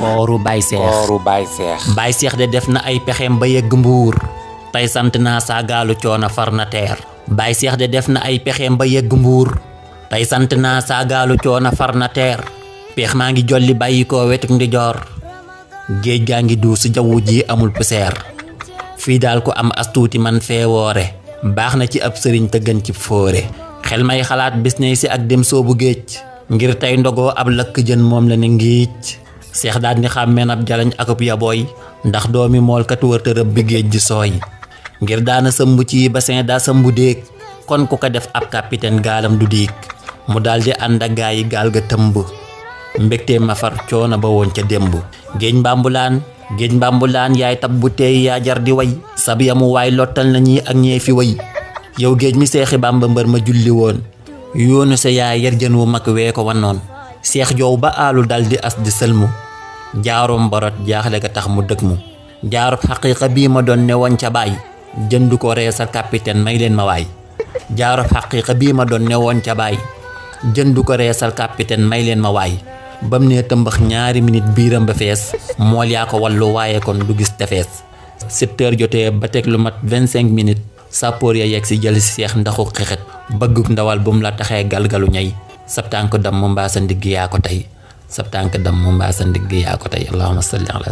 kooru Baye Seex kooru Baye Seex Seex de def na ay pexeem ba yegg mbuur tey sant naa saagaalu coona far na teer Baye Seex de def na ay pexeem ba yegg mbuur tey sant naa saagaalu coona far na teer peex maa ngi jolli bàyyi koo wetuk ndi joor géej gaa ngi du duus jaww ji amul puseer fii daal ko am as tuuti man fee baax na ci ab sëriñ te gën ci fóore xel may xalaat bis ak dem soobu géej ngir tey ndogoo ab lakk jën moom la ne ngiic seex daal ni xàmmee nab jalañ akub yabooy ndax doomi moolkat wërta bi géej ji sooy ngir daana sëmb ci bassin daa sëmb déeg kon ku ko def ab capitaine gaalam du diig mu daldi ànd ak gaal ga tëmb mbégtee ma far coono ba woon ca démb géej mbambulaan géej mbambulaan yaay tab bu teey yaa jar di way sab yamu waay lottal na ak ñee fi way yow géej mi seexi bàmba mbër ma julli woon yoonu sa yaay yar jën wu mag wee ko wannoon seex joow ba aalu daldi as di sëlmu jaarum borot jaaxle ga tax mu dëkk mu jaarub xaqiiqa bii ma doon ne woon ca baay jënd ko reesal capitaine may leen ma waay jaarub xaqiiqa bii ma doon ne woon ca baay jënd ko reesal capitaine may leen ma waay bam ne tëmbax ñaari minit biiram ba fees mool yaa ko wallu waaye kon du gis tefees sept heures jotee ba teg lu mat vingt cinq minutes sàppoor ya yegg si jël seex ndaxu xexet bëgguk ndawal bu mu la taxee galgalu ñay sab tànk damm mbaa sa ndigg yaa ko tey sab tànk damm mbaa sa ndigg yaa ko tey allahumma